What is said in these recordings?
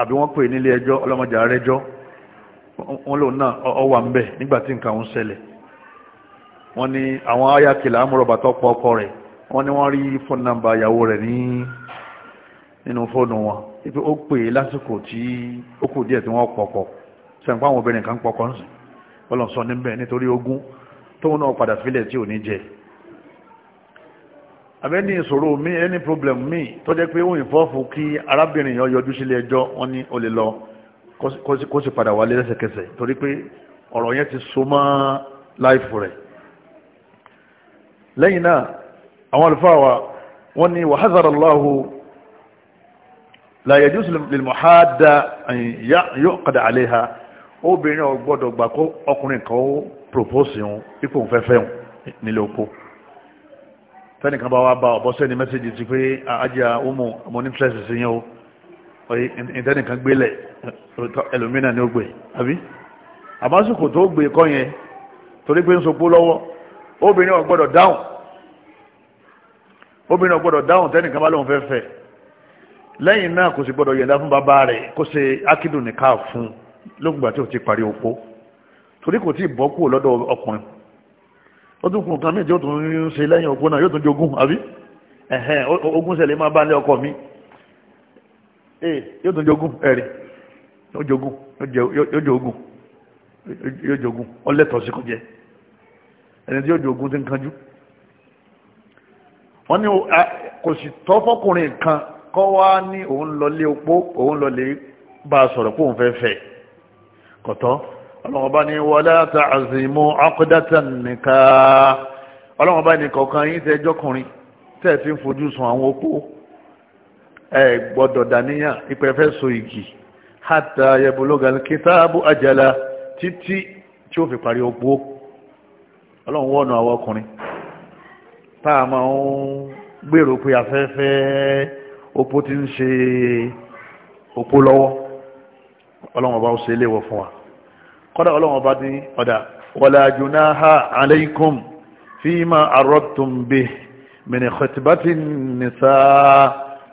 àbí wọ́n pè nílé ẹjọ́ ọlọ́mọdé arẹjọ́ wọ́n lòun náà ọwà ń bẹ̀ nígbà tí nǹkan ń ṣẹlẹ̀ wọ́n ní àwọn ayákìlá amúrọ̀bà tó pọ̀ ọkọ rẹ̀ wọ́n ní wọ́n rí fóònù nàmbà ìyàwó rẹ̀ ní nínú fóònù wọn ipe ó pè é lásìkò tí ó kù díẹ̀ tí wọ́n pọ̀pọ̀ sẹ́ǹpá àwọn obìnrin kan pọ̀pọ̀ ń sìn ọlọ́sọ níbẹ̀ nítorí ogún tóun náà padà sílẹ̀ tí ò ní jẹ́ àbẹ́ ní ìṣòro mi any problem mi tó jẹ́ pé ó ìfọ́fù kí arábìnrin yọ yọjú sílé ẹjọ́ wọn ní o lọ kó sì padà wálé lẹ́sẹ̀kẹsẹ̀ torí pé ọ̀rọ̀ yẹn ti so mọ́ láìfù rẹ̀ lẹ́yìn náà àwọn àlùfáà wa ní wa hazara Allahu la yajuz lil muhadda an yuqada obìnrin ò gbà kó ọkùnrin kan ó propose yun nílé oko tẹ́nìkan bá wá bá ọ̀bọ̀ sẹ́ni mẹ́sẹ̀jì ti pé ajá ọmọ ọmọ ní tẹ́sì sí yẹn o ìtẹ́nìkan gbélẹ̀ ẹlòmínà ni ó gbé àbí àmásùkò tó gbé kọ́ yẹn torí pé ń sopó lọ́wọ́ o ò gbọ́dọ̀ dáhùn obìnrin ò gbọ́dọ̀ dáhùn tẹ́nìkan bá lóun fẹ́ fẹ́ lẹ́yìn náà kò sì gbọ́dọ̀ yẹ̀dá fún bàbá rẹ̀ kó ṣe ákídùn nìka fún lókùngbà tí ò parí opó torí kò tí ì bọ́ kúrò lọ́dọ̀ ọkùnrin ó tún kùn kan mí tí ó tún ń ṣe lẹ́yìn òpó náà yóò tún jogún àbí ẹ̀hẹ́n ogún ṣẹlẹ̀ máa bá ní ọkọ mi ee eh, yóò tún jogún ẹ̀rí yóò jogún yóò jogún yóò jogún ọlẹ́tọ̀ sí kò jẹ ẹni tí yóò jogún ti ń kanjú wọ́n ní kò sì tọ́ fọ́kùnrin kan kọ́ wá ní òun lọ opó òun lọ bá a sọ̀rọ̀ pé òun fẹ́ fẹ́ kọ̀tọ́ ọlọ́wọ́n bá ní wọlé àtàzìmú ọkọ̀dátàn nìka ọlọ́wọ́n bá ní kọ̀ọ̀kan yín tẹ́ jọkùnrin tẹ́ fi ń fojú sun àwọn opó ẹ gbọ́dọ̀ dàníyàn ìpẹ́ fẹ́ so igi hàtà yẹbùlógan kìtàbù àjàlá títí tí ó fi parí opó ọlọ́wọ́n wọ́nà àwọn ọkùnrin tá a máa ń gbèrò pé afẹ́fẹ́ opó ti ń ṣe opó lọ́wọ́ ọlọ́wọ́n ó ṣe léwọ̀ fún wa kọ́dà ọlọ́run ọba ní ọ̀dà wala junaha alaykum fima aradtum bih min khitbatin nisa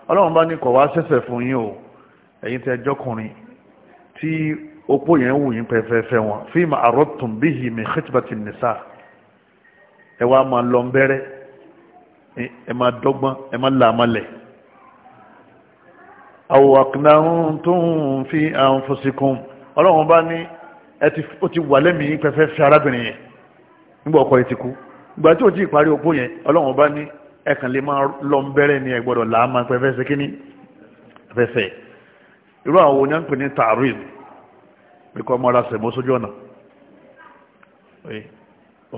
ọlọ́run bá ní kọ̀ wá sẹ́sẹ̀ fún yín o ẹ̀yin tẹ́ jọ́kùnrin tí opó yẹn wù yín pẹ́fẹ́fẹ́ wọn fima aradtum bihi min khitbatin nisa ẹ wá máa lọ bẹ́rẹ́ ẹ máa dọ́gbọ́n ẹ máa là malẹ̀ aw aqnantum fi anfusikum ọlọ́run bá ní ẹti ó ti wà lẹ́mìí pẹ́fẹ́ fi arábìnrin yẹn nígbà ọkọ ti kú ìgbà tí ò tí ìparí opó yẹn ọlọ́run bá ní ẹ̀kàn lè máa lọ ń bẹ̀rẹ̀ ní ẹgbọ́dọ̀ láàmà pẹ́fẹ́ ṣe kíní pẹ́fẹ́ irú àwọn oní àpè ní tààrin pẹ̀kọ́ ọmọ ara sẹ̀mọ́ sójú ọ̀nà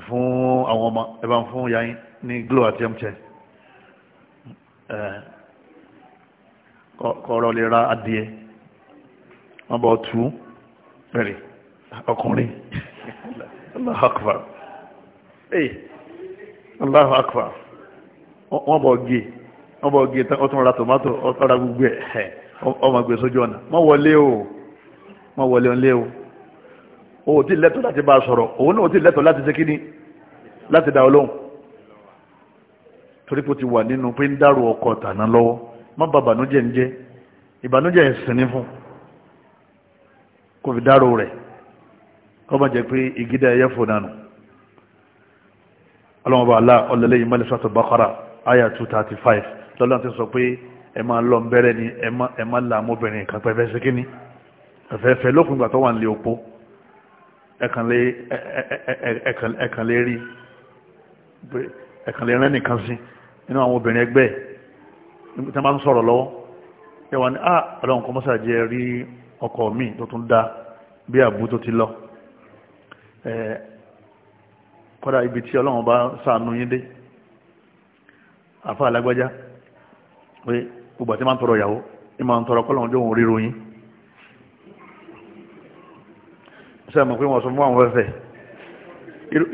fún àwọn ọmọ ẹ bá ń fún yayin ní glo àti mtn kọ̀ọ̀rọ̀ lè ra adìẹ wọ́n bọ̀ tú bẹ̀rẹ̀ ọkùnrin Allah Akbar ee Allah Akbar wọ́n bọ̀ gé wọ́n bọ̀ gé ó tún ra tomato ọ̀tọ́ra gbogbo ẹ̀ ọmọ gbé sójú ọ̀nà mọ́ wọlé o mọ́ wọlé o lé o o ti lẹ́tọ̀ láti bá sọ̀rọ̀ òun náà o ti lẹ́tọ̀ láti ṣe kíní láti dá olóhùn torí pé ti wà nínú pé ń dárò ọkọ̀ tàná lọ́wọ́ má bà bànújẹ́ ń jẹ́ ìbànújẹ́ ẹ̀sìn ní fún kò fi dárò rẹ̀ kọ́mọ̀ jẹ́ pé ìgídà ẹyẹ fò nánu ọlọ́mọba alá ọlọ́lẹ́yìn mọ́lẹ́sọ́tò bákọ́rà àyà 235 lọ́lọ́n ti sọ pé ẹ máa lọ bẹ́rẹ̀ ni ẹ máa la ọmọbìnrin kan pẹ́fẹ́ sí kíní ẹ̀fẹ́fẹ́ lókun ìgbà tó wà nílé opó ẹ̀kàn lè rí ẹ̀kàn lè rẹ́ nìkan sí nínú àwọn obìnrin ẹgbẹ́ tí wọ́n bá ń sọ̀rọ̀ lọ́wọ́ ẹ wà ní ah, ọlọ́run kọ́mọ́sà jẹ́ rí ọkọ mi tó tún dá bí àbú tó ti lọ kọ́dà ibi tí ọlọ́run bá sànú yín dé àfa alágbájá pé gbogbo àti máa ń tọrọ ìyàwó ní máa ń tọrọ kọ́lọ́run jó òun ríro yín sẹ́mu pé wọ́n sọ fún àwọn fẹ́fẹ́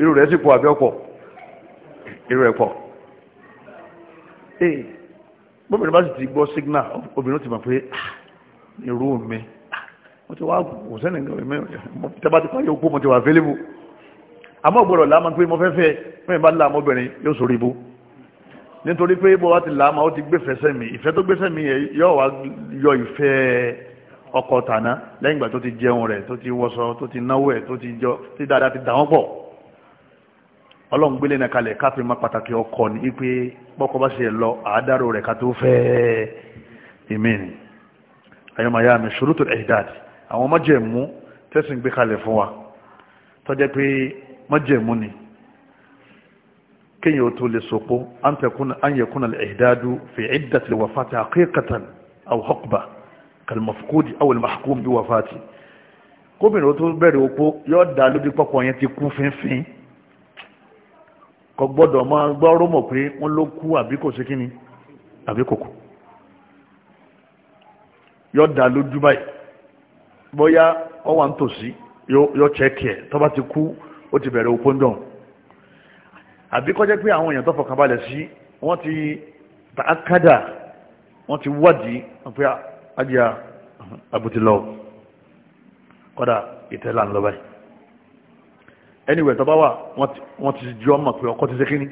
irú rẹ̀ sì pọ̀ àbí ọ̀pọ̀ irú rẹ̀ pọ̀ ee bóbìnrin bá sì ti gbọ́ sígínà obìnrin ti mọ̀ pé ah, irú mi wọ́n ti wá kò sẹ́nì tẹ́bá ti parí available àmọ́ gbọ́dọ̀ láàmà pé mo fẹ́ fẹ́ mẹ́rin bá láàmà obìnrin yóò sórí ibú nítorí pé bó wá ti láàmà ó ti gbé fẹsẹ̀ mi ìfẹ́ tó gbé fẹ́ mi yóò wá yọ ìfẹ́ ọkọ tàná lẹ́yìn ìgbà tó ti jẹun rẹ̀ tó ti wọṣọ tó ti náwó ẹ̀ tó ti jọ ti àwọn májẹ̀mú tẹ́sìn gbé kalẹ̀ fún wa tọ́jẹ́ pé májẹ̀mú ni kéèyàn tó lè sopó ányẹ̀kúnà ìdádú fi ìdàtìlẹ̀ wàfàtì àkíkàtàn aw hukba kalmafukudi aw almahkum bí wàfàtì kóbìnrin tó bẹ̀rẹ̀ opó yóò dá lójú pọ́pọ̀ yẹn ti kú fínfín kò gbọ́dọ̀ máa dá lójú báyìí bóyá ọ wà nítòsí yóò chẹ́kì ẹ̀ tó bá ti kú ó ti bẹ̀rẹ̀ òpó dùn àbí kó jẹ́ pé àwọn èèyàn tó fọkànbalẹ̀ sí wọ́n ti tààkádà wọ́n ti wádìí pé ajá àbútílọ́ kọ́dà ìtẹ́lá ń lọ báyìí anyway tó bá wà wọ́n ti jọ mọ̀ pé ọkọ ti ṣe kíní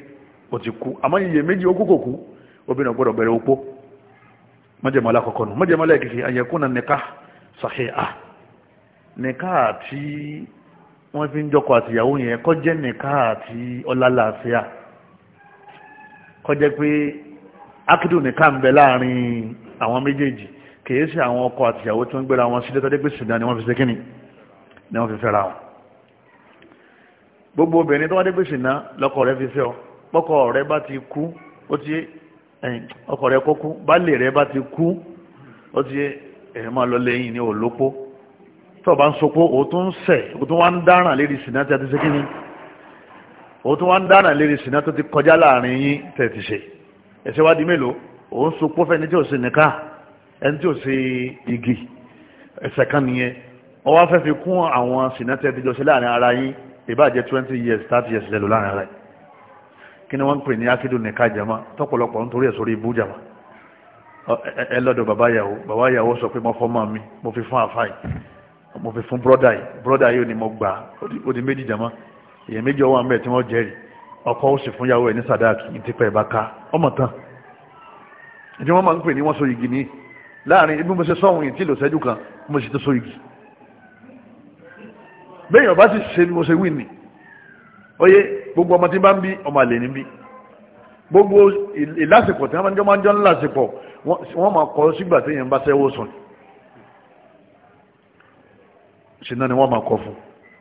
ó ti kú àmọ́ iye méjì ó kú kò kú obìnrin gbọ́dọ̀ bẹ̀rẹ̀ òpó mọ́jẹ̀mọ́lá kọ̀kọ́nù mọ́jẹ̀mọ́lá ìkìsì àyẹ̀kúnnà nìka sàhíà nìka àti wọ́n fi ń jọkọ̀ àtìyàwó yẹn kó jẹ́ nìka àti ọlálàáfíà kó jẹ́ pé akidu nìka ń bẹ láàrin àwọn méjèèjì kìí ṣe àwọn ọkọ àtìyàwó tí wọ́n gbéra wọn sílé tó pé ṣùgbọ́n ni wọ́n fi ṣe kíni ni wọ́n fi fẹ́ra wọn gbogbo obìnrin tó wá dé pé ṣìnà lọ́kọ rẹ̀ fi fẹ́ ọ pọ́kọ rẹ̀ bá ti kú ó ti ọkọ rẹ̀ kó kú bá lè rẹ̀ bá ti kú ó ti ẹ̀rẹ̀ máa lọ lẹ́yìn ní òlópó tó bá ń sopó o tún ń sẹ̀ o tún wá ń dáràn lérí sinna tí a ti ṣe kí ni o tún wá ń dáràn lérí sinna tó ti kọjá láàrin yín tẹ̀ ti ṣe ẹ̀ṣẹ̀ wá di mélòó o ń sopó fẹ́ni tí ò ṣe nìka ẹni tí ò ṣe igi ẹ̀ṣẹ̀ kan nìyẹn wọ́n wá fẹ́ fi kún àwọn sinna tí a ti jọ ṣe láàrin ara yín ìbáàjẹ́ twenty years thirty years lẹ́lò láàrin ara yín kí ni wọ́n ń pè ní akídùn nìka jama tọ́pọ̀lọpọ̀ nítorí ẹ̀ sórí ibú jama ẹ lọ́dọ̀ bàbá yàwó bàbá yàwó sọ pé mo fọ́ mọ́ mi mo fi fún àfáì mo fi fún broda yìí brọ́dà yìí ò ní mo gbà ó di méjì jama èèyàn méjì ọwọ́ àmì ẹ̀ tí wọ́n jẹ́rìí ọkọ ó sì fún yàwó ẹ̀ ní sàdáàkì ní tipẹ́ ìbá ká ọmọ tán ìdí wọ́n máa ń pè ní wọ́n so igi ní láàrin ibi mo ṣe sọ́hun yìí tí lò sẹ́jú kan mo sì ti so igi bẹ́ẹ̀ ọba sì ṣe mo ṣe wí ni oye gbogbo ọmọ tí bá ń bí ọmọ àlè ní bí gbogbo ìlásìkò tí wọ́n máa ń jọ ńlá àsìkò máa kọ́ sígbà tí èèyàn bá sẹ́wọ́ sùn ṣìnà ni wọ́n máa kọ fún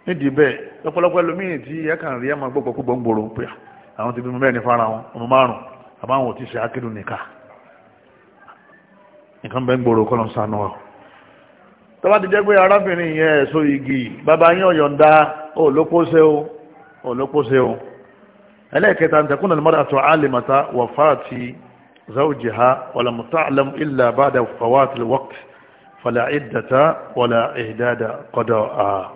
nídìí bẹ́ẹ̀ lọ́pọ̀lọpọ̀ ẹlòmíì tí ẹ kàn rí ẹ máa gbọ́gbọ́ púpọ̀ ń gbòòrò ń pè à àwọn ti bímọ mẹ́rin fara wọn ọmọ márùn àbáwọn ò ti ṣe akédùn nìka nǹkan bẹ́ẹ̀ ń gbòòrò kọ́ ló ń sànú ọ. tọ́lá ti jẹ́ pé arábìnrin yẹn ẹ̀sọ́ igi bàbá yín ọ̀yọ̀ǹda olókóṣe o olókóṣe o ẹlẹ́ẹ̀kẹta ntẹ̀kùn náà mọ́ra tó fala iddata wala ihdada qada a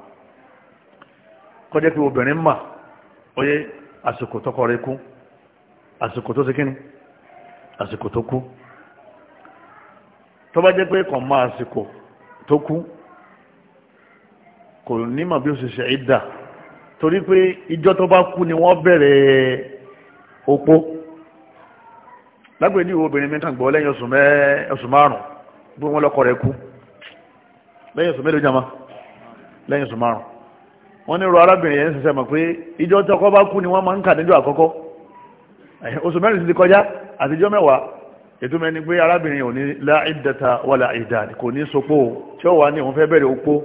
kọjẹ́ pé obìnrin mà oyé àsìkò tọ́kọ rẹ̀ kú àsìkò tó síkíní àsìkò tó kú tó bá jẹ́ pé kàn máa àsìkò tó kú kò nímọ̀ bí ó sì ṣe ìdà torí pé ìjọ tó bá kú ni wọ́n bẹ̀rẹ̀ opó lágbèlú obìnrin mi gbọ́ lẹ́yìn oṣù márùn-ún bí wọ́n lọ́kọ rẹ̀ kú lẹ́yìn oṣù mélòó jama lẹ́yìn oṣù márùn wọ́n ní ro arábìnrin yẹn ṣẹ̀ṣẹ̀ mọ̀ pé ìjọ tí ọkọ bá kú ni wọ́n máa ń kà níjọ́ àkọ́kọ́ oṣù mẹ́rin ti kọjá àtijọ́ mẹ́wàá ètò mẹ́ni pé arábìnrin ò ní láìdẹ́ta wàlà ìdà kò ní sopó tí ó wà ní òun fẹ́ bẹ̀rẹ̀ opó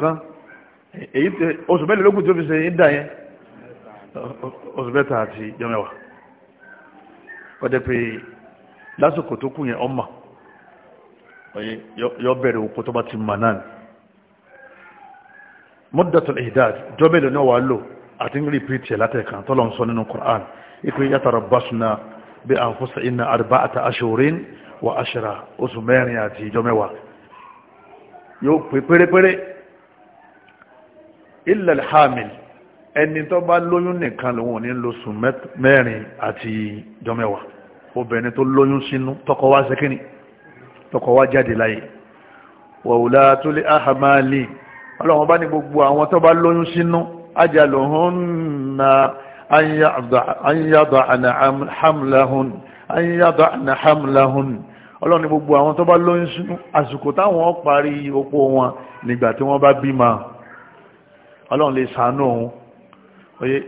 kan èyí tẹ oṣù mẹ́rin lókùn tí ó fi ṣe yẹn oṣù mẹ́ta oye yọ bẹ̀rẹ̀ òkú tó bá ti mà náà muddatul ihdad jọ́bẹ̀lẹ̀ náà wà lò àti ń rí pìtì látẹ̀kan tọ́lọ̀ ń sọ nínú Qur'an ikú yatarabbasna bi anfusina arba'ata ashhurin wa ashra oṣù mẹ́rin àti ìjọ mẹ́wàá yóò pè mẹ́rin àti ìjọ mẹ́wàá obìnrin tó lóyún tọkọ wá jáde láyé wọ̀wùlá tó lé ahamali ọlọ́run bá ní gbogbo àwọn tó bá lóyún sínú ajaluhunna an yada'na hamlahun an yada'na hamlahun ọlọ́run ní gbogbo àwọn tó bá lóyún sínú àsìkò táwọn parí opó wọn nígbà tí wọ́n bá bímọ ọlọ́run lè ṣàánú òun oye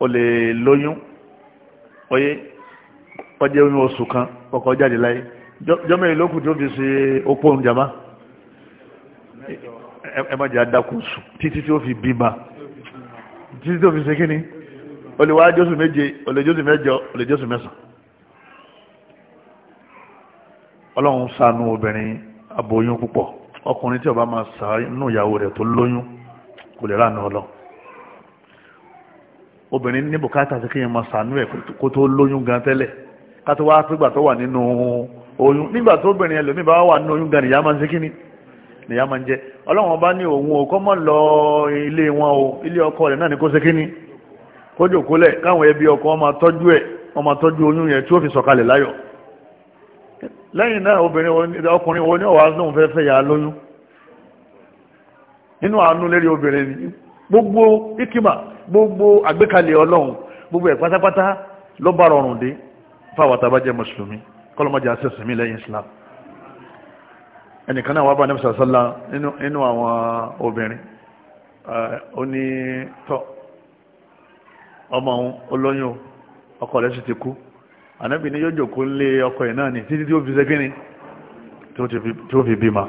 o lè lóyún oye ọjẹ́ oyún oṣù kan ọkọ̀ jáde láyé jọ́mọ̀ ìlókù tó fi ṣe opó oúnjẹ má ẹ má jẹ́ adákòsù títí tí ó fi bímá títí tó fi ṣe kíni olùwà jọ́sù méje olùjọ́sù mẹ́jọ olùjọ́sù mẹ́sàn ọlọ́run ṣàánú obìnrin aboyún púpọ̀ ọkùnrin tí ó bá máa ṣàánú ìyàwó rẹ̀ tó lóyún kò lè ránà ọlọ́ obìnrin ní sí kí n máa ṣàánú ẹ̀ kó tó lóyún gan tẹ́lẹ̀ kátó wá pígbà tó wà nínú oyún nígbà tó bìnrin ẹlòmí bá wà nínú oyún gan nìyá máa ń ṣe kíní nìyá máa ń jẹ ọlọ́wọ́n bá ní òun ò kọ́ mọ́ lọ ilé wọn o ilé ọkọ rẹ̀ náà ni kó ṣe kíní kójò kólẹ̀ káwọn ẹbí ọkọ ọmọ tọ́jú ẹ̀ ọmọ tọ́jú oyún yẹn tí ó fi sọ̀kalẹ̀ láyọ̀ lẹ́yìn náà obìnrin ọkùnrin wo ní ọ̀wá lóun fẹ́ fẹ́ yà lóyún nínú àánú lérí obìnrin ni gbogbo ikima gbogbo àgbékalẹ̀ ọlọ́run gbogbo ẹ̀ pátápátá ló bá rọrùn dé fáwọn tàbá jẹ́ mùsùlùmí kọlọmọjà sẹ́sìn lẹ́yìn islam ẹnìkan náà wà bá nẹ́bí sàṣálà nínú àwọn obìnrin eh, ó ní tọ́ ọmọ òun olóyún ọkọ rẹ̀ sì ti kú ànábì ní yóò jòkó lé ọkọ ẹ̀ náà ní títí tí ó fi ṣẹ́gínrin tí ó fi bímọ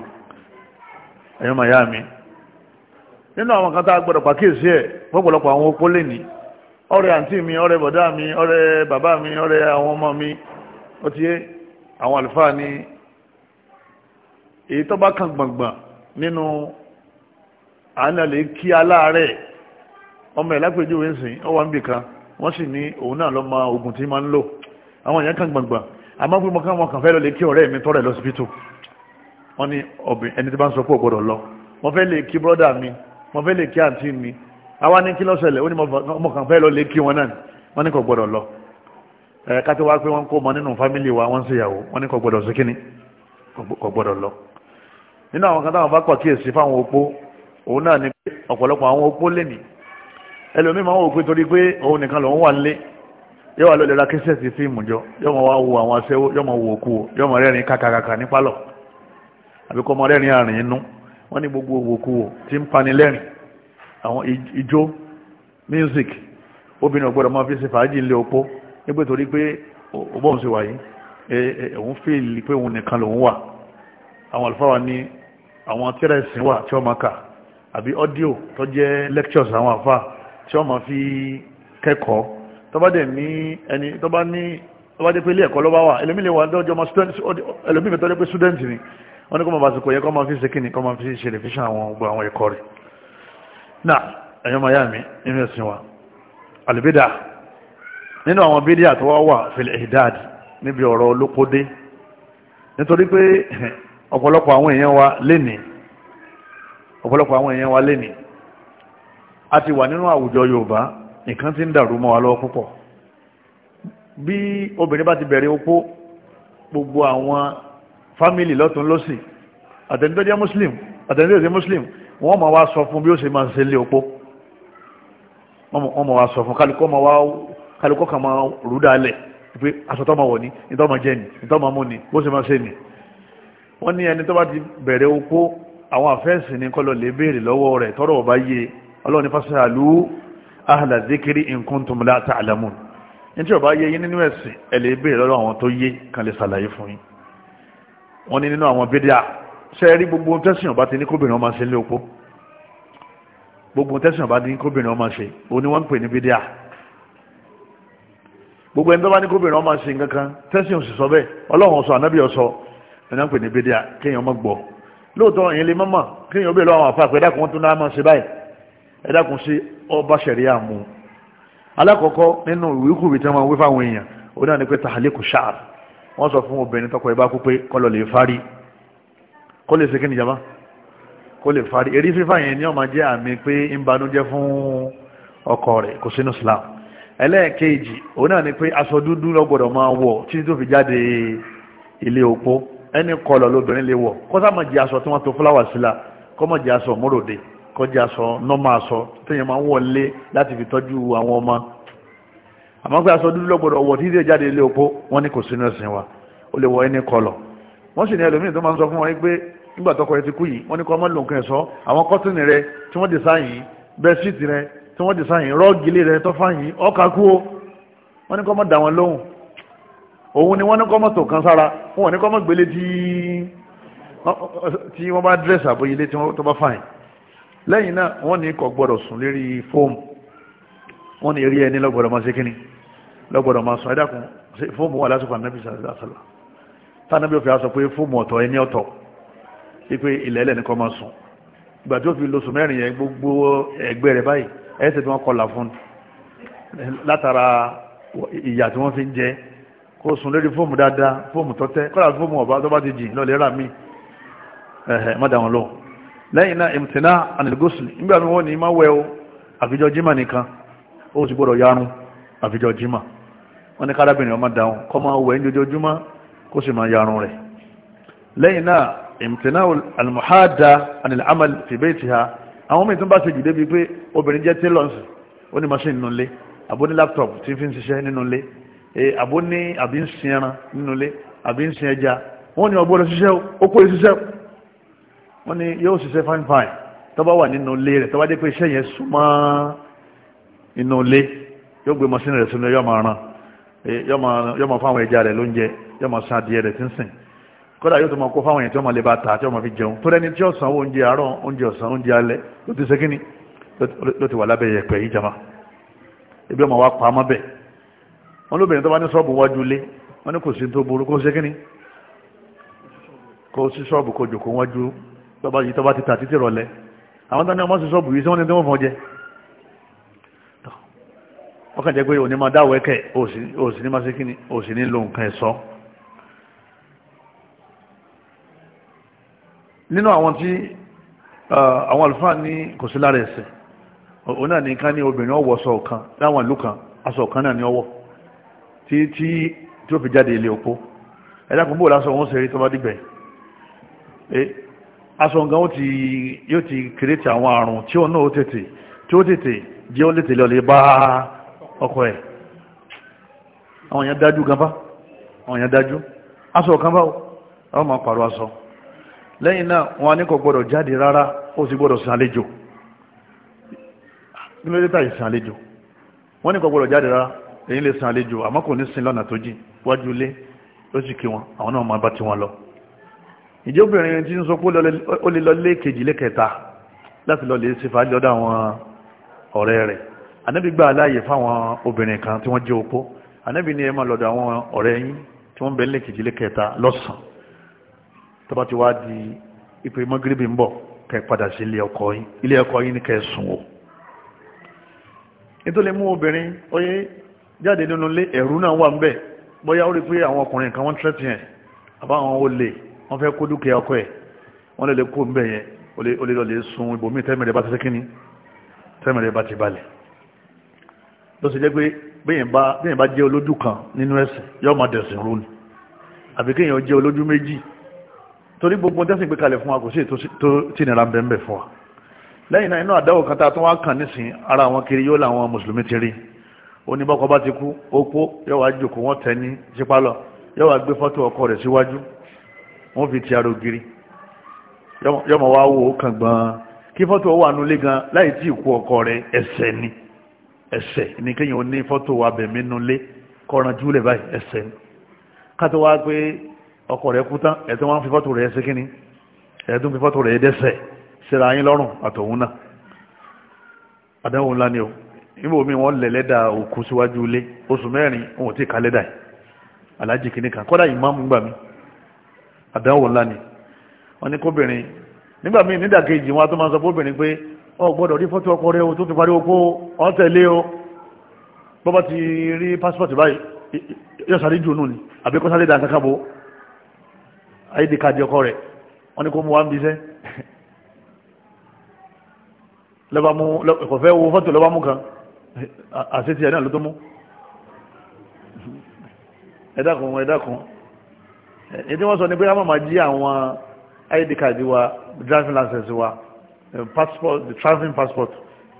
ẹ̀yọ́ màyá mi nínú àwọn kan tá a gbọ́dọ̀ pàkíyèsí ẹ̀ fọ́pọ̀lọpọ̀ àwọn opó lè ní ọ̀rẹ́ àǹtí mi ọ̀rẹ́ bọ̀dá mi ọ̀rẹ́ bàbá mi ọ̀rẹ́ àwọn ọmọ mi ó ti yé àwọn àlùfáà ni èyí tó bá kan gbọ̀ngbọ̀n nínú àánàlè kí aláàárẹ̀ ọmọ ẹ̀ lápèjúwe ń sìn ó wà ń bì kan wọ́n sì ní òun náà lọ mọ oògùn tí máa ń lò àwọn èèyàn kan gbọ̀ngbọ̀n àmọ́ pé mo kàn wọn fẹ́ lọ lè kí ọ̀rẹ́ mi tọ́rẹ̀ lọ́sibítù wọ́n ní ọ̀bìn ẹni tí bá ń sọ pé ò lọ mo fẹ́ lè kí brọ́dà mi mo fẹ́ lè kí àǹtí mi àwa ní kí ló ṣẹlẹ̀ ó ní mọ̀kàn fẹ́ lọ lè kí wọn náà wọ́n ní kò gbọ́dọ̀ lọ káti wá pé wọ́n kó mọ nínú fámílì wa wọ́n ṣèyàwó wọ́n ní kò gbọ́dọ̀ sí kíní kò gbọ́dọ̀ lọ nínú àwọn kan táwọn bá pàkíyèsí fáwọn opó òun náà ni ọ̀pọ̀lọpọ̀ àwọn opó lẹ́nìí ẹlòmíì máa ń wò pé torí pé òun nìkan lòun wà nílé yóò wà lóde ra kíṣẹ́ẹ̀tì fíìmù jọ yóò máa wá wo àwọn aṣẹ́wó yóò máa wo òkú yóò máa rẹ́rìn kàkàkàkà ní pálọ̀ àbíkọ́ máa rẹ́rìn àrìn àwọn ijó music obìnrin ọ̀gbọ́dọ̀ máa fi ṣe fàájì ilé opó nígbè torí pé ọgbọ́n ṣe wà yìí òun fíìlì pé òun nìkan lòun wà àwọn àlùfáà wa ní àwọn tẹ́rẹ̀sìn wà tí wọ́n máa kà àbí ọ́díò tó jẹ́ lectures àwọn àfáà tí wọ́n máa fi kẹ́kọ̀ọ́ tó bá dẹ̀ ní ẹni tó bá ní tó bá dé pé ilé ẹ̀kọ́ ló bá wà ẹlòmí lè wà lọ́jọ́ ọmọ student ẹlòmí mi tó dé pé student ni wọ́n ní kó máa bá àsìkò yẹ kó máa fi ṣe kíni kó náà ẹ̀yọ́ ma yá mi nínú ẹ̀sìn wa alìbídà nínú àwọn bídíà tó wá wà fìlẹ̀ ìdáàdì níbi ọ̀rọ̀ olókódé nítorí pé ọ̀pọ̀lọpọ̀ àwọn èèyàn wa lénì ọ̀pọ̀lọpọ̀ àwọn èèyàn wa lénì a ti wà nínú àwùjọ Yorùbá nǹkan ti ń dàrú mọ́ wa lọ́wọ́ púpọ̀ bí obìnrin bá ti bẹ̀rẹ̀ opó gbogbo àwọn fámìlì lọ́tún lọ́sì àtẹnudọ́jẹ́ muslim àtẹnudọ́jẹ́ muslim wọ́n ma wá sọ fún bí ó ṣe máa ń ṣe lé opó wọ́n ma wá sọ fún kálukọ́ kan máa rú dálẹ̀ pé asọ́tọ́ ma wọ̀ ní ìtọ́ ma jẹ́ ní ìtọ́ ma mú ní bó ṣe máa ṣe ní wọ́n ní ẹni tó bá ti bẹ̀rẹ̀ opó àwọn àfẹ́sì ní kọ́lọ̀ lè béèrè lọ́wọ́ rẹ̀ tọ́rọ̀ ọba yé e. ọlọ́run ní fasalu ahla zikri in kuntum la ta'lamun ní ọba yé yín nínú ẹ̀sìn ẹ̀ béèrè lọ́wọ́ àwọn tó yé kan lè ṣàlàyé fún yín wọ́n ní nínú àwọn bídíà ṣe rí gbogbo tẹ́sìn ọba ti ní kóbìnrin ọmọ ṣe ní opó gbogbo tẹ́sìn ọba ti ní kóbìnrin ọmọ ṣe o ní wọ́n ń pè ní bídíà gbogbo ẹni tó bá ní kóbìnrin ọmọ ṣe nǹkan kan tẹ́sìn òsì sọ bẹ́ẹ̀ ọlọ́run sọ ànábì ọ̀sọ ẹni wọ́n ń pè ní bídíà kéèyàn ọmọ gbọ́ lóòótọ́ ìyẹn lè mọ́mọ́ kéèyàn bèèrè àwọn àpá àpẹ ẹ̀dákun tó náà máa ṣe báyìí ẹ̀dákun kó lè ṣe kí ni jama kó lè fari èrí fífà yẹn ni ó máa jẹ́ àmì pé ń banújẹ́ fún ọkọ rẹ̀ kò sínú Islam ẹlẹ́ẹ̀kejì òun náà ni pé aṣọ dúdú ló gbọ́dọ̀ máa wọ̀ títí tó fi jáde ilé opó ẹni kọlọ̀ lóbìnrin lè wọ̀ kó sáà máa jẹ aṣọ tí wọ́n to fúláwà sí kó máa jẹ aṣọ móròde kó jẹ aṣọ nọ́mà aṣọ téèyàn máa wọ̀ lé láti fi tọ́jú àwọn ọmọ àmọ́ pé aṣọ dúdú ló wọ̀ títí tó jáde ilé opó wọ́n ní kò sínú ẹ̀sìn wa ó lè wọ̀ ẹni kọlọ̀ wọ́n sì ní ẹlòmíràn tó máa ń sọ fún wọn pé nígbà tọkọ ẹ ti kú yìí wọ́n ní kọ́ ọmọ lòǹkan ẹ̀sọ́ àwọn kọ́tìnì rẹ tí wọ́n dìsáyìn bẹ́ẹ̀sìtì rẹ tí wọ́n dìsáyìn rọ́ọ̀gìlì rẹ tọ́fàyìn ọkà kú o wọ́n ní kọ́ ọmọ dà wọ́n lóhùn òun ni wọ́n ní kọ́ ọmọ tó kan sára wọ́n ni, kọ́ ọmọ gbélé tí wọ́n bá dírẹ́sì àbóyí ilé tí wọ́n bá fàyìn lẹ́yìn náà wọ́n ní kọ́ gbọ́dọ̀ sùn lérí fóòmù wọ́n ní eré ẹni lọ́gbọ̀dọ̀ máa ṣe kíní lọ́gbọ̀dọ̀ máa sùn ẹ̀dàkùn fóòmù wà lásìkò ipe ilẹ̀ ẹlẹ́ni kọ́ máa sùn ìgbà fi lóṣù mẹ́rin gbogbo ẹgbẹ́ rẹ̀ báyìí ẹ̀ẹ́sẹ̀ tí wọ́n kọlà fún látara ìyà tí fi ń jẹ kó sùn lórí fóòmù dáadáa fóòmù tọ́tẹ́ kọ́lá fóòmù ọ̀bá tó bá ti jìn lọ́lẹ̀ rà mí ẹ̀hẹ̀ mọ́dà wọn lọ lẹ́yìn náà nígbà mi wọ́n ní má wẹ o àfijọ́ jimá nìkan ó sì gbọ́dọ̀ yarun àfijọ́ jimá wọ́n ní kárábìnrin ọmọ dáhùn kọ́ máa wẹ̀ ń jojoojúmọ́ kó sì máa yarun rẹ̀ ìmìtìnáwò almuhada anil amal fi baytiha àwọn ọmọ ìtún bá ṣe jùdé bíi pé obìnrin jẹ́ tailors ó ní machine nínú ilé àbó ní laptop tí fi ń ṣiṣẹ́ nínú ilé e, àbó ní àbí ń sin ẹran nínú ilé àbí ń sin ẹja wọ́n ní ọgbọ́n ṣiṣẹ́ ó kó ṣiṣẹ́ wọ́n ní yóò ṣiṣẹ́ fine fine tó bá wà nínú ilé rẹ̀ tó bá jẹ́ pé iṣẹ́ yẹn súnmọ́ inú ilé yóò gbé machine rẹ̀ sínú yóò máa ràn e, yóò máa fáwọn ẹja rẹ̀ lóúnjẹ yóò máa san kódà yóò tó máa kó fáwọn èèyàn tí wọ́n máa lè bá ta tí wọ́n máa fi jẹun tó rẹni tí ó san owó oúnjẹ àárọ̀ oúnjẹ ọ̀sán oúnjẹ alẹ́ ló ti ṣe ló ti wà lábẹ́ yẹ̀pẹ̀ yìí jama ibi ọmọ wa pa á mọ́bẹ̀ wọn lóbìnrin tó bá ní ṣọ́ọ̀bù wájú ilé wọn ní kò sí tó burú kó ṣe kíni kó sí ṣọ́ọ̀bù kó jòkó wájú tọ́ba yìí tọ́ba ti tà títí rọ̀lẹ́ àwọn tó ní ọmọ sí ṣọ́ọ̀bù yìí tí wọ́n ní nínú àwọn tí àwọn alfa ní kò sí lára ẹ̀sẹ̀ òun náà nìkan ní obìnrin ọwọ́ sọ ọ̀kan láwọn ìlú kan aṣọ ọ̀kan náà ní ọwọ́ tí tí tí ó fi jáde ilé òpó ẹ̀dá kún bóòlá sọ wọ́n ṣe rí tó bá dìgbẹ̀ aṣọ nǹkan ó ti yóò ti kìrìtì àwọn àrùn tí ó náà ó tètè tí ó tètè jẹ́ ó lè tèlé bá ọkọ ẹ̀ àwọn èèyàn dájú gan bá àwọn èèyàn dájú aṣọ ọ̀kan bá ó lẹ́yìn náà wọn ní kò gbọ́dọ̀ jáde rárá ó sì gbọ́dọ̀ sàlejò nílò lẹ́tà ìsàlejò wọ́n ní kò gbọ́dọ̀ jáde rárá èyí lè sàlejò àmọ́ kò ní sin lọ́nà tó jìn wájú ilé ó sì kí wọn àwọn náà máa bá ti wọn lọ ìjẹ́ obìnrin tí ń sọ pé ó lè lọ lé kejì lé kẹta láti lọ lè ṣe fàájọ́ dá ọ̀rẹ́ rẹ̀ anábì gba aláàyè fáwọn obìnrin kan tí wọ́n jẹ́ opó anábì ní ẹ máa lọ́dọ̀ àwọn ọ̀rẹ́ yín tí wọ́n bẹ̀ lé kejì lé kẹta lọ́sàn tó bá ti wá di ìpè mọ́gíríbì ń bọ̀ kẹ́ padà sí ilé ọkọ yín ilé ọkọ yín ni kẹ́ sùn o nítorí mú obìnrin oyé jáde nínú ilé ẹ̀rú náà wà ń bẹ̀ bóyá ó rí pé àwọn ọkùnrin kan wọ́n tẹ́tì yẹn àbáwọn olè wọ́n fẹ́ kó dúkìá ọkọ ẹ̀ wọ́n lè lè kó ń bẹ̀ yẹn ó lè lọ lè sun ibòmí tẹ́mẹ̀rẹ̀ bá ti ṣe kíní tẹ́mẹ̀rẹ̀ bá ti balẹ̀ ló sì jẹ́ pé bẹ́yìn bá jẹ́ olójú kan nínú ẹ̀sìn yọ́ máa dẹ̀sìn rú ni àbí kéèyàn jẹ́ olójú méjì torí gbogbo tẹ́sìn gbé kalẹ̀ fún wa kò sí ètò tí nira bẹ́ẹ̀ fún wa lẹ́yìn náà inú àdáwò kan tá a wá kàn nísìn ara àwọn kiri yóò làwọn mùsùlùmí ti rí oníbọ́kọ bá ti kú opó yóò wá jòkó wọ́n tẹ̀ ní sípálọ̀ yóò wá gbé fọ́tò ọkọ rẹ̀ síwájú wọ́n fi ti ara ògiri yóò mọ̀ wá wò ó kàn gbọ́n kí fọ́tò wà nulẹ̀ gan láì tí ì kú ọkọ rẹ̀ ẹsẹ̀ ni ẹsẹ̀ ni kéèyàn ó ní fọ́tò abẹ̀mí nulẹ̀ kọ́ran júlẹ̀ báyìí ẹsẹ̀ ni ká tó wá pé ọkọ rẹ̀ kú tán ẹ̀tọ́ wọn fi fọ́tò rẹ̀ ṣe kíní ẹ̀ẹ́dún fi fọ́tò rẹ̀ dẹ́sẹ̀ síra yín lọ́rùn àtọ̀hún náà àdánwò ńlá ni o níbo mi wọ́n lẹ̀ lẹ́dà òkú síwájú ilé oṣù mẹ́rin wọn ò tí ì ka lẹ́dà yìí aláàjì kìíní kan kọ́dà ìmáàmù gbà mí àdánwò ńlá ni wọ́n ní kóbìnrin nígbà míì nídàkejì wọn a tó máa sọ fóbìnrin pé ọ gbọ́dọ̀ rí fọ́tò ọkọ rẹ o tó ti parí oko ọ tẹ̀lé o bọ́bá ti rí pásítọ̀tì báyìí yọ jù nù ni àbíkọ́sáré dàn kankan bo id card ọkọ rẹ̀ wọ́n ní kó mú wá ń bí iṣẹ́ lọ́ba mú kò fẹ́ wo fọ́tò lọ́ba mú kan àṣetì ẹ̀ náà ló tó mú ẹ̀dàkùn ẹ̀dàkùn ètí wọ́n sọ ní pé a máa jí àwọn id card wa driving license wa eh, passport the traveling passport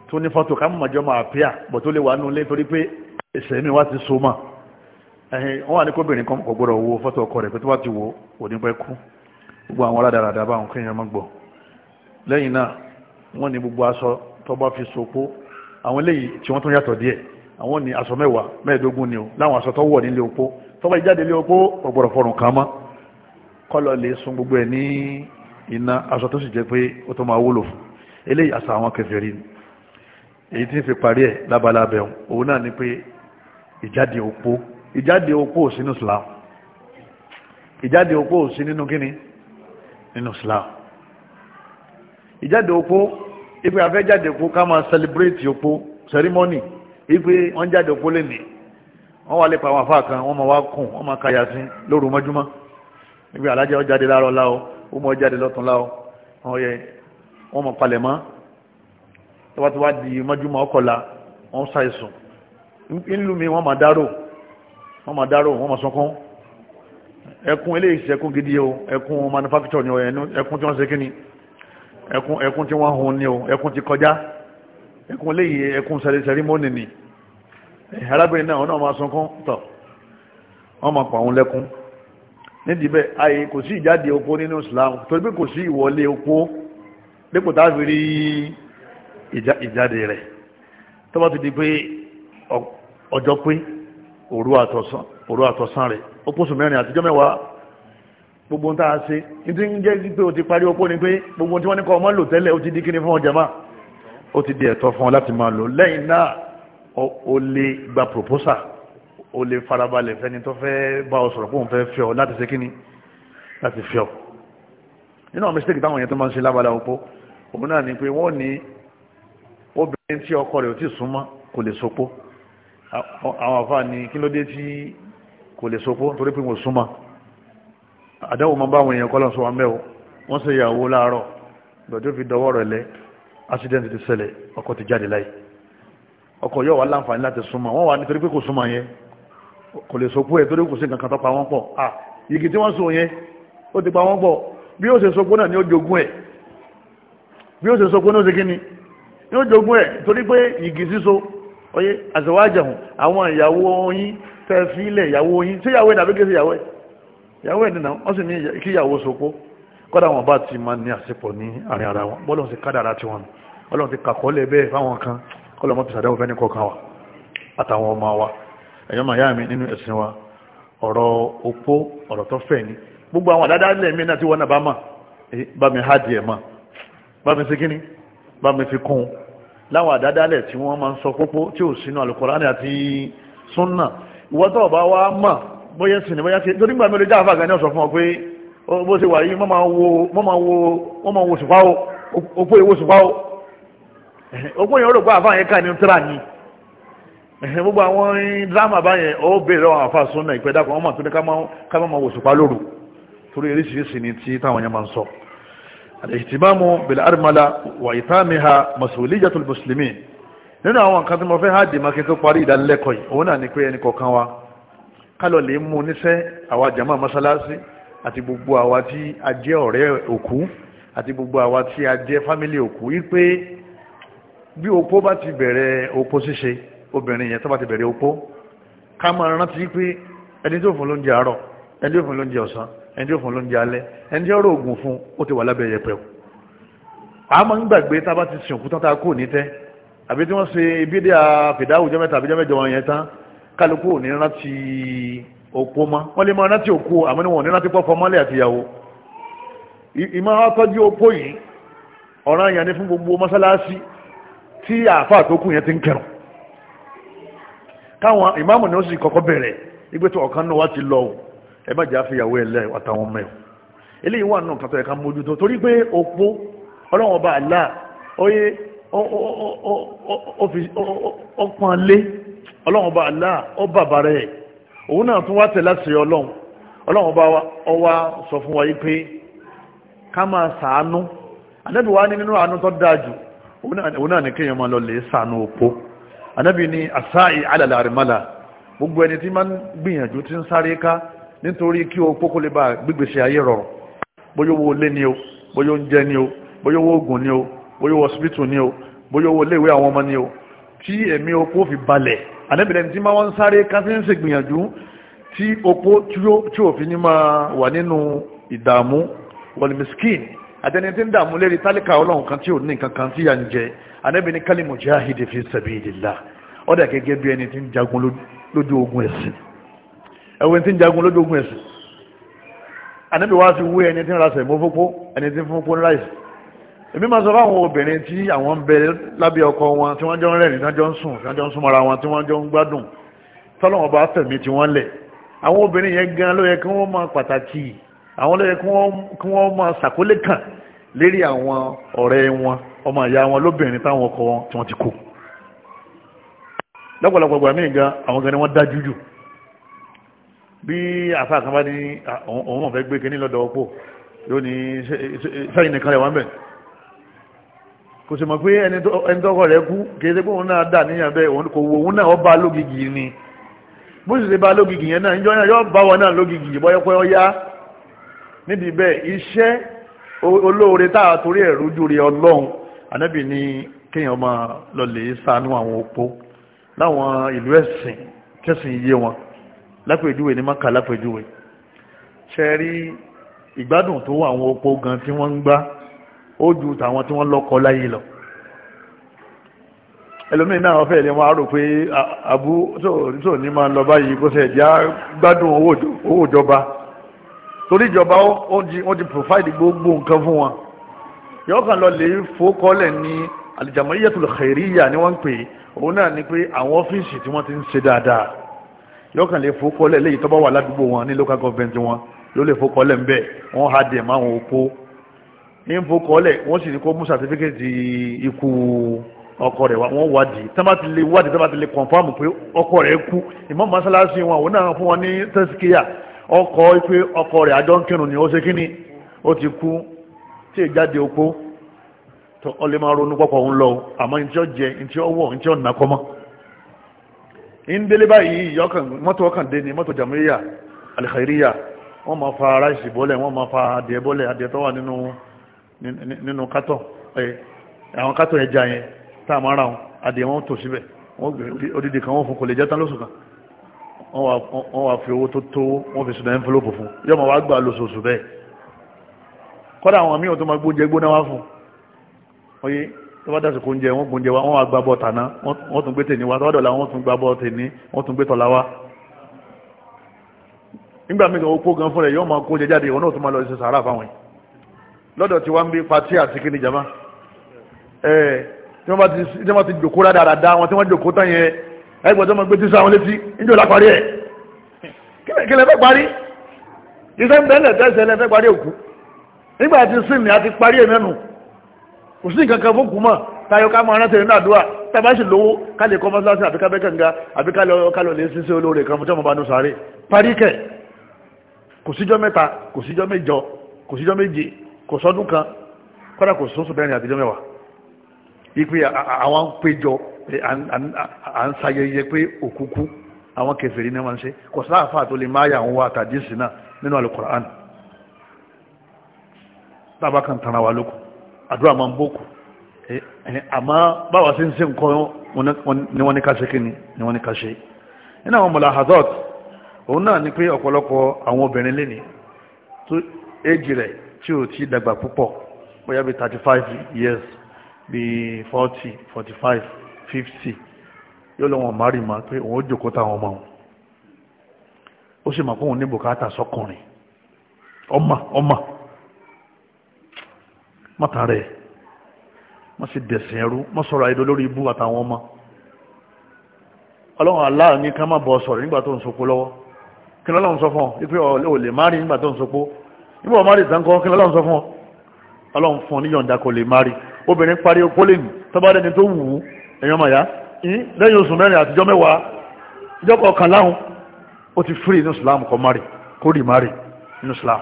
tó ní fọ́tò ká máa jọ máa pẹ́à bọ̀ tó lè wà nínú ilé torí pé ìṣẹ̀mí wa ti so máa ẹ̀hìn wọ́n wà ní kóbìnrin kan kò gbọ́dọ̀ wo fọ́tò ọkọ rẹ̀ pé tó bá ti wo òní pẹ́ kú gbogbo àwọn aládàradà bá wọn kéèyàn lẹ́yìn náà wọ́n ní gbogbo aṣọ tó bá fi sopó àwọn eléyìí tí wọ́n tún yàtọ̀ díẹ̀ àwọn ní aṣọ mẹ́wàá mẹ́ẹ̀ẹ́dógún ni o láwọn aṣọ tó wọ̀ nílé opó tó bá jáde lé opó ọ̀gbọ̀rọ̀ fọrùn kan mọ́ kọ́lọ̀ lè gbogbo ẹ̀ ní iná aṣọ tó sì jẹ́ pé ó tó máa wúlò fún eléyìí àwọn ni èyí tí ń fi parí ẹ̀ lábalábẹ̀ òun náà ni ìjáde opó sínú islam ìjáde opó sí nínú kíni nínú islam ìjáde opó ipe afẹ́ jáde opó ká máa celebrate opó ceremony ipe wọ́n jáde opó lẹ́nìí wọ́n wà lépa àwọn afá kan wọ́n máa wá kùn wọ́n máa kàyà sí lóru mọ́júmọ́ ipe alájẹ́ wọ́n jáde láàárọ̀ láwọ́ ó mọ́ jáde lọ́tún láwọ́ wọ́n mọ̀ palẹ̀ mọ́ tọ́wọ́ tí wá di mọ́júmọ́ ọkọ̀la wọ́n ṣàìsùn nílùú mi wọ́n máa dárò wọ́n máa dárò wọ́n máa sọkún ẹkún ilé ìṣẹ́kún gidi o ẹkún manufacture ni o ẹkún tí wọ́n ṣe kí ni ẹkún tí wọ́n hun ni o ẹkún ti kọjá ẹkún ilé yìí ẹkún sẹrimónì ni arábìnrin náà wọ́n náà máa sọkún tọ̀ wọ́n máa pàwọn lẹ́kún nídìí bẹ́ẹ̀ ayé kò sí ìjáde opó nínú Islam torí pé kò sí ìwọlé opó dípò táàfi rí ìjáde rẹ̀ tó bá ti di pé ọjọ́ pé òru àtọ̀sán òru àtọ̀sán rẹ̀ ó pósù mẹ́rin àtijọ́ mẹ́wàá gbogbo tá a ṣe ní ń jẹ́ pé o ti parí opó ni pé gbogbo tí wọ́n ní kọ́ ọmọ lò tẹ́lẹ̀ ó ti di kíni fún ọjà máa ó ti di ẹ̀tọ́ fún ọ láti máa lò lẹ́yìn náà o lè gba proposal o lè farabalẹ̀ fẹ́ni tó fẹ́ bá ọ sọ̀rọ̀ fóun fẹ́ fẹ́ fẹ́ ọ àwọn àfáà ní kí ló dé tí kò lè sopó torí pé mo súnmọ́ àdáwò ma bá àwọn èèyàn kọ́lọ̀ sọ wọn mẹ́wọ́ wọ́n sì yàwó láàárọ̀ gbọ̀dọ̀ fi dọwọ́ rẹ̀ lẹ́ accident ti ṣẹlẹ̀ ọkọ̀ ti jáde láì ọkọ̀ yóò wá láǹfààní láti súnmọ́ wọ́n wà nítorí pé kò súnmọ́ yẹn kò lè sopó ẹ̀ torí kò sí nǹkan kan tó pa wọ́n pọ̀ à igi tí wọ́n sùn yẹn ó ti pa wọ́n pọ̀ bí ó ṣe sopó náà ni ó jogún ẹ̀ bí ó ṣe sopó náà ó ṣe kí ni ni ó jogún ẹ̀ torí pé igi síso oyé àzọwájàhùn àwọn ìyàwó yín tẹ́ fílẹ̀ ìyàwó yín tí ìyàwó ìdàbí gẹ́sẹ̀ ìyàwó ẹ̀ ìyàwó ẹ̀ nìna wọ́n sì ní kí ìyàwó sopó kọ́dà wọn bá ti máa ní àsìpọ̀ ní àárín ara wọn bọ́lọ̀ sí kádàrá tí wọn ọlọ́run ti kàkọ́lẹ̀ bẹ́ẹ̀ fáwọn kan kọ́lọ̀ mọ́ pèsè àdáwọ̀ fẹ́ni kọ̀ọ̀kan wa àtàwọn ọmọ wa ẹ̀yọ́ màá yá mi nínú ẹ̀sìn wa ọ̀rọ̀ opó ọ̀rọ̀ tó fẹ́ ni gbogbo àwọn àdáda ilẹ̀ mi náà tí wọ́n náà bá mà eh, bá mi láwọn àdádálẹ̀ tí wọ́n máa ń sọ kókó tí ò sínú alukurani àti sunna ìwọ́tọ̀ ọba wa mọ̀ bóyá sí ni bóyá sí torí gbàmí olójá àfàgà ní ọ̀sọ̀ fún ọ pé bó ṣe wà yìí wọ́n máa wo sùpáwó opó ìwó sùpáwó opó yẹn olùgbà àfàgà yẹn ká ní tíra ni gbogbo àwọn dírámà báyẹn ó bèèrè àwọn ni tí táwọn yẹn الاهتمام بالأرملة وإثامها مسؤولية المسلمين nínú àwọn nǹkan tí mo fẹ́ háàdì máa kíkọ́ parí ìdánilẹ́kọ̀ọ́ yìí òun náà ni pé ẹnì kọ̀ọ̀kan wa kálọ̀ lè mú níṣẹ́ àwa jàmá mọ́sálásí àti gbogbo àwa tí a jẹ́ ọ̀rẹ́ òkú àti gbogbo àwa tí a jẹ́ fámílì òkú yìí pé bí opó ti bẹ̀rẹ̀ opó ṣíṣe obìnrin yẹn tó bá ti bẹ̀rẹ̀ opó ká máa rántí pé ẹni tó fún lóúnjẹ àárọ̀ ẹni tó fún lóúnjẹ ọ̀sán ẹni tí ó fún ló ń jẹ alẹ́ ẹni tí ó rò ògùn fún ó ti wà lábẹ́ yẹpẹ́ o a máa ń gbàgbé tá a bá ti sìnkú tán tá a kò ní tẹ́ àbí tí wọ́n ṣe ibídé àfìdáwùjọ mẹ́ta àbíjọ́ mẹ́jọ wọn yẹn tán kálukú ò ní rántí òpó mọ́ wọ́n lè máa rántí òkú àmọ́ ni wọ́n ní rántí pọ́pọ́ mọ́lẹ̀ àtìyàwó ìmọ̀ àtọ́jú òpó yìí ọ̀ràn yẹn ni fún gbogbo mọ́sálásí tí àáfàá tó kù yẹn ti ń kẹrùn káwọn ìmáàmù ni ó sì kọ́kọ́ bẹ̀rẹ̀ ìgbẹ́tọ̀ ọ̀kan náà wá ti lọ ẹ má jà fìyàwó ẹ lẹ àtàwọn ọmọ ẹ eléyìí wà nù kàtọ́ ẹ̀ka mójútó torí pé opó ọlọ́wọ́n bá àlá oyé ọpọ̀n lé ọlọ́wọ́n bá àlá ọ bàbá rẹ̀ òun náà tún wá tẹ̀ láti ọlọ́run ọlọ́wọ́n bá ọwá sọ fún wa yí pé ká máa sàánú anábì wá ní nínú àánú tó dájú òun náà ní kéèyàn máa lọ lè sàánú opó anábì ní àsáì alàlàrìmọ́là gbogbo ẹni tí máa ń gbìyànjú tí ń sáré ká nítorí kí o kókó lè bá gbígbèsè ayé rọrùn bóyá owó ilé ni o bóyá oúnjẹ ni o bóyá owó oògùn ni o bóyá owó hospital ni o bóyá owó iléèwé àwọn ọmọ ni o tí ẹ̀mí opó fi balẹ̀ àlẹ́bìnrin tí máa wọ́n sáré kánsẹ́ńsì gbìyànjú tí opó tí ò fi ní máa wà nínú ìdààmú wọlìmískin àtẹni tí ń dààmú lérí tálíkà ọlọ́run kan tí ò ní nǹkan kan tí yà ń jẹ àlẹ́bìnrin kálí mujahid fi sabilillah ọ̀dà gẹ́gẹ́ bí ẹni tí ń jagun lójú ogun ẹ̀sìn ẹwẹ́ tí ń jagun lójógún ẹ̀sìn anábì wá fi wé ẹni tí ń rasẹ̀ mọ́fókó ẹni tí ń fún pọ́n láìsí èmi máa sọ fáwọn obìnrin tí àwọn ń bẹ lábẹ́ ọkọ wọn tí wọ́n jọ ń rẹ̀rìn tí wọ́n jọ ń sùn tí wọ́n jọ ń súnmọ́ra wọn tí wọ́n jọ ń gbádùn tọ́lọ́wọ́n bá fẹ̀mí tí wọ́n lẹ̀ àwọn obìnrin yẹn gan ló yẹ kí wọ́n máa pàtàkì àwọn ló yẹ kí wọ́n máa ṣàkólé kàn lérí àwọn ọ̀rẹ́ wọn ọmọ ìyá wọn lóbìnrin táwọn ọkọ wọn tí wọ́n ti kó lọ́pọ̀lọpọ̀ gbàmí gan àwọn gan ni wọ́n dájú jù bí àfáà kan bá ní òun ọ̀fẹ́ gbé kíní lọ́dọ̀ ọ̀pọ̀ yóò ní sẹ́yìn nìkan rẹ̀ wá mẹ́ kò sì mọ̀ pé ẹni tọ́kọ rẹ̀ kú kì í ṣe pé òun náà dà níyàn bẹ́ẹ̀ kò wo òun náà ọba lógìgì ni bó sì ṣe bá lógìgì yẹn náà ìjọ náà yóò bá wọn náà lógìgì bọ́yọ́pẹ́ ọyá níbi bẹ́ẹ̀ iṣẹ́ olóore tá a torí ẹ̀rú júre ọlọ́run anábì ní kéèyàn máa lọ lè sànú àwọn opó láwọn ìlú ẹ̀sìn kẹ́sìn iye lápèjúwe ní maka lápèjúwe ṣe rí ìgbádùn tó wà àwọn opó gan tí wọ́n ń gbá ó ju tàwọn tí wọ́n lọ́kọ láyé lọ ẹlòmíì náà ọ̀fẹ́ ilé wọn á rò pé àbú tó ní máa ń lọ báyìí kó ṣe ìdí gbádùn owó ìjọba torí ìjọba ó ti provide gbogbo nǹkan fún wọn yóò kàn lọ lè fòkọ́lẹ̀ ní aljamaiyatul khairiyya ni wọ́n ń pè òun náà ni pé àwọn ọ́fíìsì tí wọ́n ti ń ṣe dáadáa yóò kàn lè fòkọ́lẹ̀ léyìí tó bá wà ládùúgbò wọn ní local government wọn ló lè fòkọ́lẹ̀ ń bẹ̀ wọ́n ha dẹ̀ máa wọn òpó ní fòkọ́lẹ̀ wọ́n sì ní kó mú sàtífíkẹ́tì ikú ọkọ rẹ̀ wọ́n wádìí tí wọ́n bá ti lè wádìí tí wọ́n bá ti lè confam pé ọkọ rẹ̀ kú ìmọ̀ mọ́sálásí wọn àwọn náà fún wọn ní tẹ́síkíyà ọkọ pé ọkọ rẹ̀ àjọ ń kírun ni ó ṣe kíní ó ti kú tí ìjáde opó ọlẹ́ máa ronú pọ́pọ̀ ń lọ àmọ́ ní ń délé báyìí yọkàn mọ́tò ọkàn dé ni mọ́tò jàmúríyà alìkàíríyà wọ́n ma fa ráìsì bọ́lẹ̀ wọ́n ma fa adìẹ bọ́lẹ̀ adìẹ tó wà nínú kátọ̀ àwọn kátọ̀ ẹja yẹn táà máa ra wọn adìẹ wọn tò síbẹ̀ odidi kan wọ́n fún kò lè jẹ́ tán lóṣù kan wọ́n wà fi owó tó tó wọ́n fi sùn ẹ́ńfọ́lọ́pù fún yọ́mọ̀ wá gbà lóṣooṣù bẹ́ẹ̀ kọ́dà àwọn míì tó máa gbóúnjẹ gbóná wá fún tó bá dásìkò oúnjẹ wọ́n gbóúnjẹ wa wọ́n wá gbá bọ́ọ̀tà náà wọ́n tún gbé tèní wa tọ́wọ́ wọ́n tún gbá bọ́ọ̀tì ní wọ́n tún gbé tọ́lá wa nígbà míì ó kó gan fún rẹ̀ yóò máa kó jẹ jáde ìwọ náà tún máa lọ sí sàárà fáwọn yìí lọ́dọ̀ tí wá ń bí patí àti kíni jama ẹ̀ tí wọ́n bá ti jòkó rádaràda wọn tí wọ́n jòkó tán yẹn ẹgbẹ́ tó máa gbé tí sáwọn létí níjọ́ la parí nígbà tí sin ni a ti parí ẹ̀ mẹ́nu kò sí nǹkan kan fún kùmọ̀ táyọ ká máa rántẹ̀ nínú àdúrà tàbá sì lówó ká lè kọ́ mọ́sálásí àbí ká bẹ́kànga àbí ká lọ lè ṣíṣe olóore kan fún tọ́mọba nùsàárè paríkẹ̀ kò síjọ́ mẹ́ta kò síjọ́ mẹ́jọ kò síjọ́ méje kò sọ́dún kan kọ́dà kò sóṣù mẹ́rin àtijọ́ mẹ́wàá ipe àwọn péjọ à ń sayẹyẹ pé òkúkú àwọn kẹfẹ̀rí ní wọ́n ṣe kò sáàfà tó lè máa àdúrà máa ń bókù àmọ́ báwa sí ń ṣe nǹkan ni wọ́n ní ká ṣe kí ni ni wọ́n ní ká ṣe nínú àwọn mọ̀lá hazard òun náà ni pé ọ̀pọ̀lọpọ̀ àwọn obìnrin lénìí tó éjì rẹ̀ tí ò ti dàgbà púpọ̀ bóyá bí 35 years bí 40 45 50 yóò lọ́wọ́n márì máa pé òun ó jòkó táwọn ọmọ òun ó sì mọ̀ pé ní bùkátà sọkùnrin ọmọ ọmọ mọ́ta rẹ̀ wọ́n sì dẹ̀sìn ẹrú wọ́n sọ̀rọ̀ àìdó lórí ibú àtàwọn ọmọ ọlọ́run aláà ní ká má bọ́ sọ̀rọ̀ nígbà tó ń sopó lọ́wọ́ kí lọ́lọ́run sọ fún ọ ipé ò lè márì nígbà tó ń sopó nígbà ọmọ àrìsàn kan kí lọ́lọ́run sọ fún ọ ọlọ́run fún ọ ní yọ̀ǹda kò lè márì obìnrin parí okó lè mí tó bá dẹni tó wù ú èèyàn màyá lẹ́yìn oṣù mẹ́rin àtijọ́ mẹ́wàá ìjọ kọ̀ọ̀kan láhùn ó ti fírì inú Islam kọ márì kó rì márì inú Islam.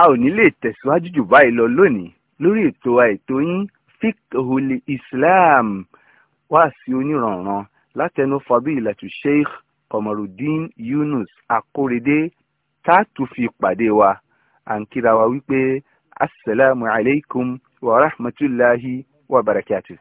a ò ní lè tẹ̀síwájú jù báyìí lọ lónìí lórí ètò àìtó yín fiqhul islam wá sí onírànran látẹnu fadilatu sheikh Kọmọrùdín Yunus Akórèdé tá a tún fi pàdé wa à ń kíra wa wípé asalaamualeykum wa rahmatulahi wa barakatuh.